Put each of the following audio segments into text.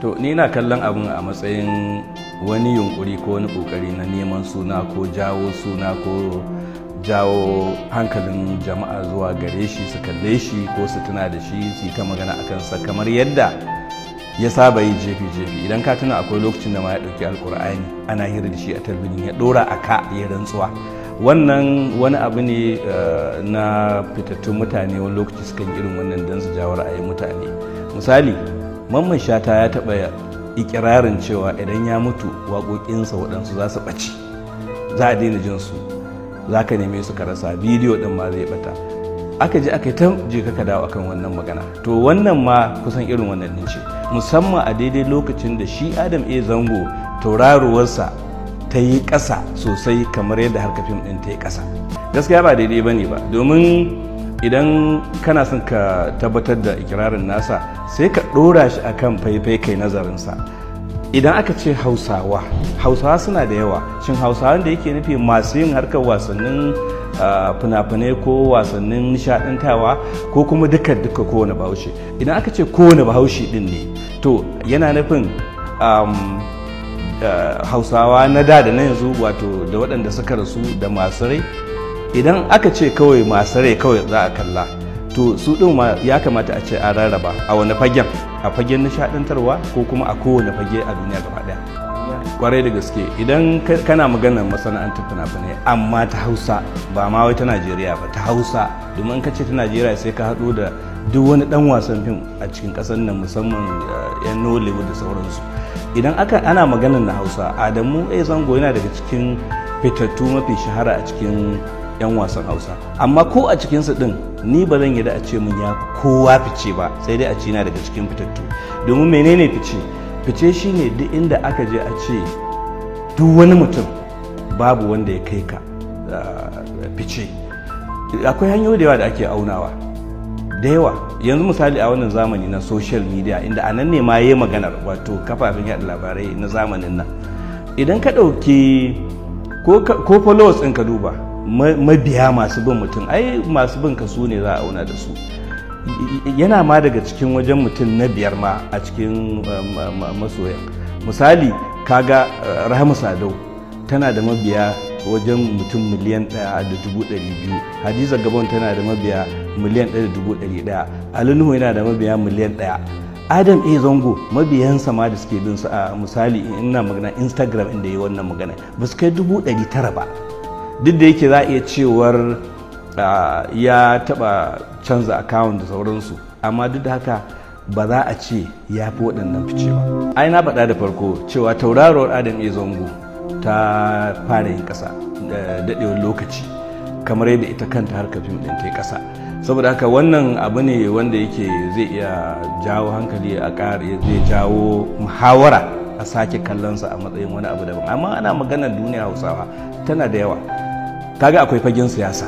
to ni na kallon abin a matsayin wani yunkuri ko wani kokari na neman suna ko jawo suna ko jawo hankalin jama'a zuwa gare shi su kalle shi ko su tuna da shi su yi ta magana a kansa kamar yadda ya saba yi jefi-jefi idan ka tuna akwai lokacin da ma ya ɗauki alkur'ani ana hira da shi a talbijin ya ɗora a ka ya rantsuwa wannan wani abu ne eh, na fitattun mutane wani lokaci sukan irin wannan don su jawo ra'ayin mutane misali mamman shata ya taɓa ikirarin cewa idan ya mutu waƙoƙinsa waɗansu za su ɓaci za a daina jinsu su za ka neme su ka rasa bidiyo ɗin ma zai ɓata aka ji aka yi ta je ka dawo akan wannan magana to wannan ma kusan irin wannan ɗin ce musamman a daidai lokacin da shi adam a zango tauraruwarsa ta yi ƙasa sosai kamar yadda harka fim ɗin ta yi ƙasa gaskiya ba daidai ba ne ba domin idan kana son ka tabbatar da ikirarin nasa sai ka ɗora shi a kan faifai kai nazarinsa idan aka ce hausawa hausawa suna da yawa shin Hausawa da yake nufi masu yin harkar wasannin fina-finai ko wasannin nishadantawa ko kuma duka duka kowane bahaushe idan aka ce kowane bahaushe din ne to yana nufin hausawa na da da na yanzu wato da waɗanda suka rasu da masu rai idan aka ce kawai masu rai kawai za a kalla to su ɗin ya kamata a ce a rarraba a wani fagen a fagen nishaɗantarwa ko kuma a kowane fage a duniya gaba ɗaya kwarai da gaske idan kana maganar masana'antar fina-finai amma ta hausa ba ma wai ta najeriya ba ta hausa domin ka ce ta najeriya sai ka haɗu da duk wani ɗan wasan fim a cikin ƙasar nan musamman yan eh, nollywood da sauransu idan aka ana maganar na hausa adamu a zango yana daga cikin fitattu mafi shahara a cikin 'yan wasan hausa amma ko a cikinsu ɗin ni ba zan yarda a ce mun ya kowa fice ba sai dai a ce na daga cikin fitattu domin menene fice fice shine duk inda aka je a ce duk wani mutum babu wanda ya kai ka ah, fice akwai hanyoyi da yawa da ake aunawa da yawa yanzu misali a wannan zamani na social media inda a nan ne ma ya maganar wato kafafen yaɗa labarai na zamanin nan idan ka ɗauki ko followers ɗin ka duba mabiya masu bin mutum ai masu bin ka ne za a auna da su yana ma daga cikin wajen mutum na biyar ma a cikin masoyan misali kaga eh, rahama sadau tana da mabiya wajen mutum miliyan ɗaya da dubu ɗari biyu hadiza gabon tana da mabiya miliyan ɗaya da dubu ɗari ɗaya alinuhu yana da mabiya miliyan ɗaya adam a zango mabiyansa ma da suke bin su a misali ina magana instagram inda yi wannan magana ba su kai dubu ɗari tara ba duk da yake za a iya cewar ya taba canza akawun da sauransu amma duk da haka ba za a ce ya fi waɗannan fice ba ai na faɗa da farko cewa tauraruwar adam ya zango ta fara yin ƙasa daɗewar lokaci kamar yadda ita kanta harkar fim ɗin ta yi ƙasa saboda haka wannan abu ne wanda yake zai iya jawo hankali a ƙara zai jawo muhawara a sake kallonsa a matsayin wani abu daban amma ana maganar duniya hausawa tana da yawa kaga akwai fagen siyasa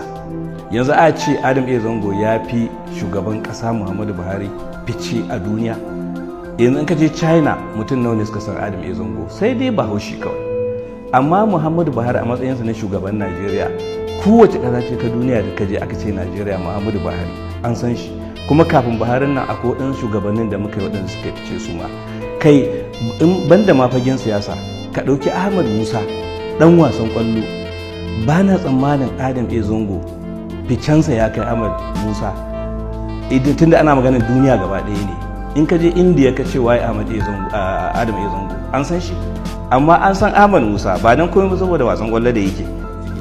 yanzu a ce adam a zango ya fi shugaban kasa muhammadu buhari fice a duniya yanzu ka je china mutum nawa ne suka san adam a zango sai dai bahaushe kawai amma muhammadu buhari a matsayinsa na shugaban najeriya kowace kasa ce ta duniya da kaje aka ce najeriya muhammadu buhari an san shi kuma kafin buharin nan akwai ɗan shugabannin da muka yi waɗanda suka fice su ma kai banda ma fagen siyasa ka ɗauki ahmad musa ɗan wasan kwallo. Bana tsammanin adam a zango ficensa ya kai ahmad musa idan tunda ana maganar duniya gaba ɗaya ne in ka je indiya ka ce waye ahmad adam a zango an san shi amma an san ahmad musa ba don komai saboda wasan kwallo da yake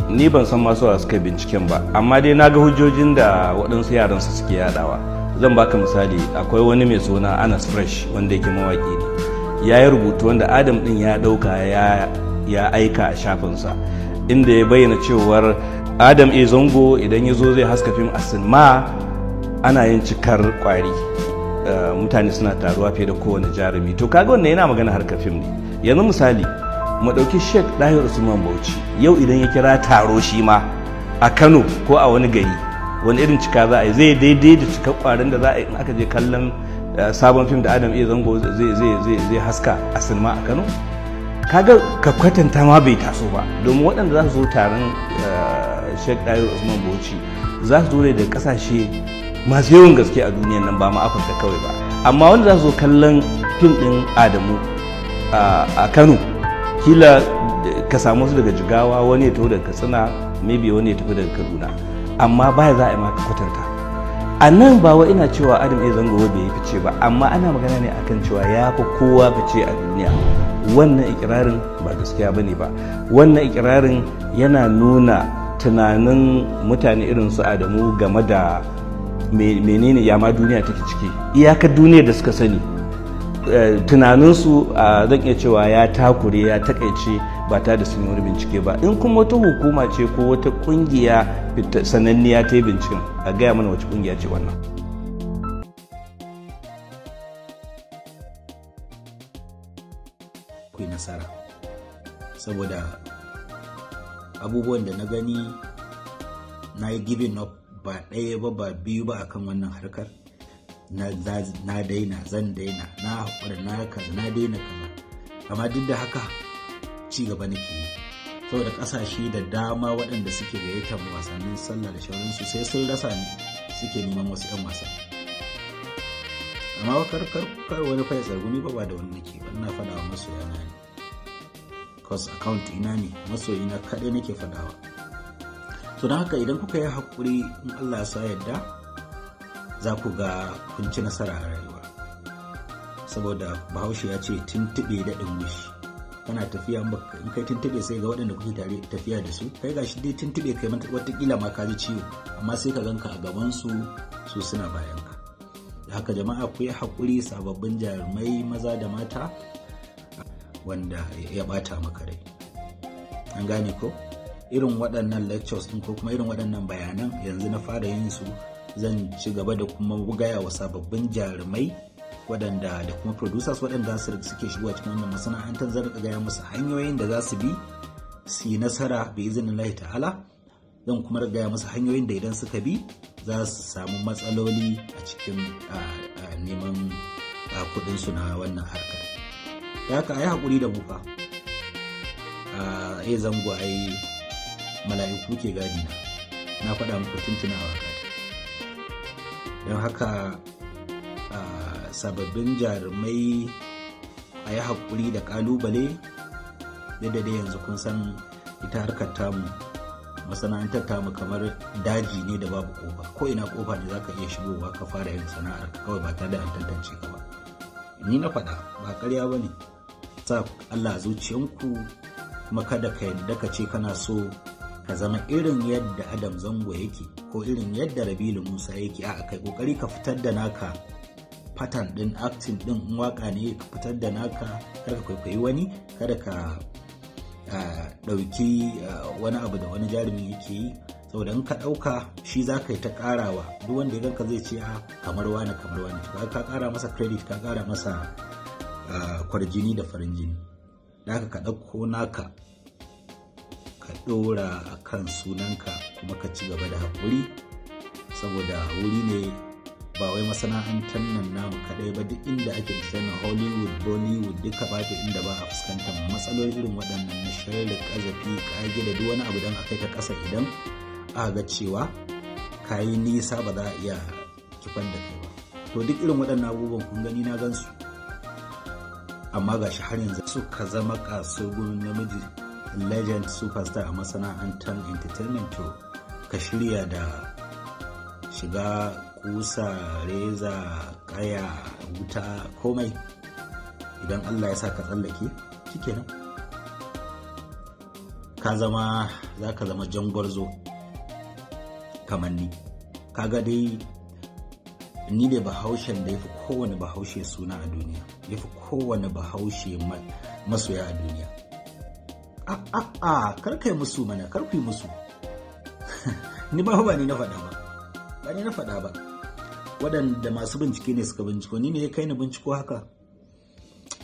ni ban san masu wa suka binciken ba amma dai na ga hujjojin da waɗansu yaransu suke yadawa zan baka misali akwai wani mai suna anas fresh wanda yake mawaƙi ne ya yi rubutu wanda adam ɗin ya ɗauka ya aika a shafinsa inda ya bayyana cewar adam e zango idan ya zo zai haska fim a sinima ana yin cikar kwari eh, mutane suna taruwa fiye da kowane jarumi to kaga wannan yana magana harkar fim ne yanzu misali mu ɗauki sheik ɗahir usman bauchi yau idan ya kira taro shi ma a kano ko a wani gari wani irin cika za a yi zai daidai da cikar kwarin da za a yi in aka je kallon eh, sabon fim da adam e zango zai haska a sinima a kano kaga ka kwatanta ma bai taso ba domin waɗanda za su zo taron eh, sheikh ɗayar usman bauchi za su zo ne da ƙasashe masu yawan gaske a duniyan nan ba ma afirka kawai ba amma wanda za su zo kallon fim ɗin adamu eh, a kano kila ka samu su daga jigawa wani ya taho daga katsina maybe wani ya tafi daga kaduna amma baya za a yi ma ka kwatanta a nan bawa ina cewa adam ya zango bai yi fice ba amma ana magana ne akan cewa ya fi kowa fice a duniya wannan ikirarin ba gaskiya bane ba wannan ikirarin yana nuna tunanin mutane irin su adamu game da menene yama duniya take ciki iyakar duniya da suka sani eh, tunaninsu ah, zan iya cewa ya takure ya takaice ba ta da sun wani bincike ba in kuma wata hukuma ce ko wata kungiya sananniya ta yi binciken a gaya mana wace kungiya ce wannan ku nasara saboda abubuwan da na gani na yi giving up ba ɗaya ba ba biyu ba akan wannan harkar na daina zan daina na haƙura na kaza na daina kaza amma duk da haka ci gaba nake yi saboda kasashe da dama waɗanda suke gayyatar wasannin sallah da shawarinsu sai sun rasa ni suke neman wasu 'yan wasa amma wakar karkar wani fa ya tsarguni ba da wani nake ba ina faɗawa masu yana ne cause account ina ne masoyi na kaɗai nake faɗawa to don haka idan kuka yi haƙuri in Allah sa yadda za ku ga kun ci nasara a rayuwa saboda bahaushe ya ce tuntuɓe daɗin wishi kana tafiya in kai tuntube sai ga waɗanda kuke tare tafiya da su kai gashi dai tuntube kai mata watakila ma ka ji ciwo amma sai ka ganka a gaban su su suna bayan ka haka jama'a ku yi haƙuri sababbin jarumai maza da mata wanda ya bata maka rai an gane ko irin waɗannan lectures ɗin ko kuma irin waɗannan bayanan yanzu na fara yin su zan ci gaba da kuma gaya wa sababbin jarumai waɗanda da kuma producers waɗanda su suke shigowa cikin wannan masana'antar zan rika gaya musu hanyoyin da za su bi su yi nasara bi izinin Allah ta'ala zan kuma gaya musu hanyoyin da idan suka bi za su samu matsaloli a cikin neman kuɗin su na wannan harkar da haka a yi haƙuri da mu fa a eh, zango a yi mala'iku ke gadi na na faɗa muku tuntunawa don haka sababbin jarumai a yi haƙuri da ƙalubale da dai yanzu kun san ita harkar tamu masana'antar tamu kamar daji ne da babu ƙofa ko ina ƙofa da ka iya shigowa ka fara yin sana'ar kawai ba tare da an tantance ka ba ni na faɗa ba ƙarya ba ne sa Allah zuciyanku kuma kada ka yadda ka ce kana so ka zama irin yadda Adam Zango yake ko irin yadda Rabilu Musa yake a kai kokari ka fitar da naka pattern din acting din waka ne ka fitar da naka kada ka kwaikwayi wani kada ka ah, ɗauki ah, wani abu da wani jarumi yake yi saboda in ka ɗauka shi za ka yi ta ƙarawa duk wanda ya ganka zai ce a ah, kamar wani kamar wani to ka ƙara masa credit ka ƙara masa kwarjini da farin jini da ka ɗauko naka ka ɗora a kan sunanka kuma ka ci gaba da hakuri saboda wuri ne ba wai masana'antar nan namu kaɗai ba duk inda ake na hollywood bollywood duka ta inda ba a fuskantar matsaloli irin waɗannan na da ƙazafi ƙage da duk wani abu don a kai ta ƙasa idan a ga cewa ka yi nisa ba za a iya kifan da kai ba to duk irin waɗannan abubuwan kun gani na gan su amma ga shi har yanzu suka zama kasugun namiji legend superstar a masana'antar entertainment to ka shirya da shiga kusa reza kaya wuta komai idan allah ya sa ka tsallake kike nan. ka zama za ka zama jangwarzo kamar ni kaga dai ni ne bahaushen da ya fi kowane bahaushe suna a duniya ya fi kowane bahaushe masoya a duniya a a a karkai musu mana karkai musu ni ba ba ni na faɗa ba ba ni na faɗa ba waɗanda masu bincike ne suka binciko ni ne ya kai ni binciko haka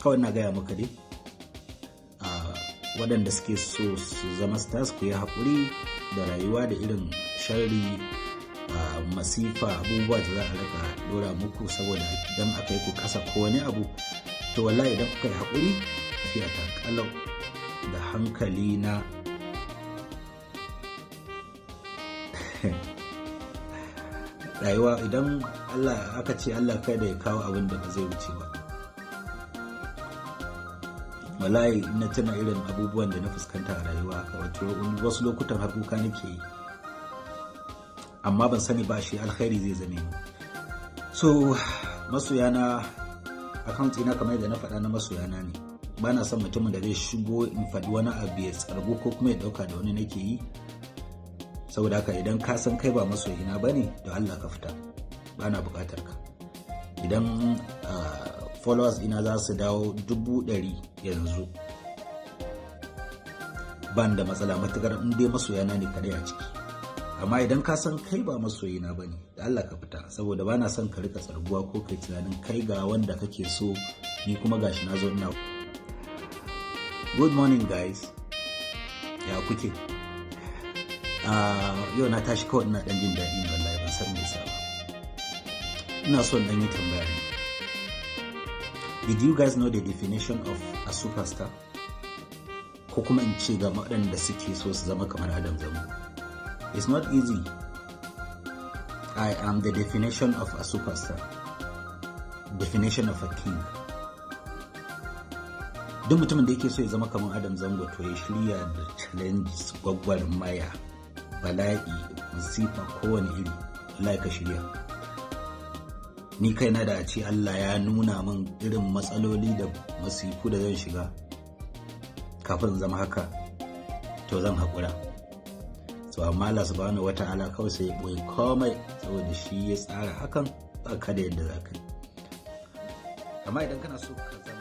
kawai na gaya maka dai ah, waɗanda suke so su zama stars ku yi haƙuri da rayuwa da irin sharri ah, masifa abubuwa da za a raka dora muku saboda idan aka yi ku kasa ko wani abu to wallahi idan kuka yi haƙuri fiye ta kalau da hankali na rayuwa idan Allah aka ce Allah kai da ya kawo abin da ba zai wuce ba malayi na tuna irin abubuwan da na fuskanta a rayuwa ka wato wasu lokutan har kuka nake yi amma ban sani ba shi alkhairi zai zame so masoyana akan tsina kamar yadda na faɗa na masoyana ne ba na son mutumin da zai shigo in faɗi wani abu ya tsargo ko kuma ya ɗauka da wani nake yi saboda haka idan ka san kai ba masoyina ba ne da Allah ka fita ba na buƙatar ka idan ah, followers ina za su dawo dubu ɗari yanzu ban da matsala matukar in dai masoyana ne kadai a ciki amma idan ka san kai ba masoyina ba ne da Allah ka fita saboda ba na son ka rika tsarguwa ko kai tunanin kai ga wanda kake so ni kuma gashi na zo ina good morning guys ya kuke Ah, yau na tashi kawai ina ɗan jin daɗi lai ban san me ba ina son ɗan yi tambaya did you guys know the definition of a superstar ko kuma in ce ga waɗanda suke so su zama kamar adam zango it's not easy i am the definition of a superstar definition of a king duk mutumin da yake so ya zama kamar adam zango to ya shirya da challenges gwaggwar maya bala'i musifa kowane iri Allah ka shirya ni kai na da a ce Allah ya nuna min irin matsaloli da masifu da zan shiga kafin zama haka to zan haƙura to amma Allah subhanahu wata'ala kawai sai ya boye komai saboda shi ya tsara hakan ba ka yadda za ka yi amma idan kana so ka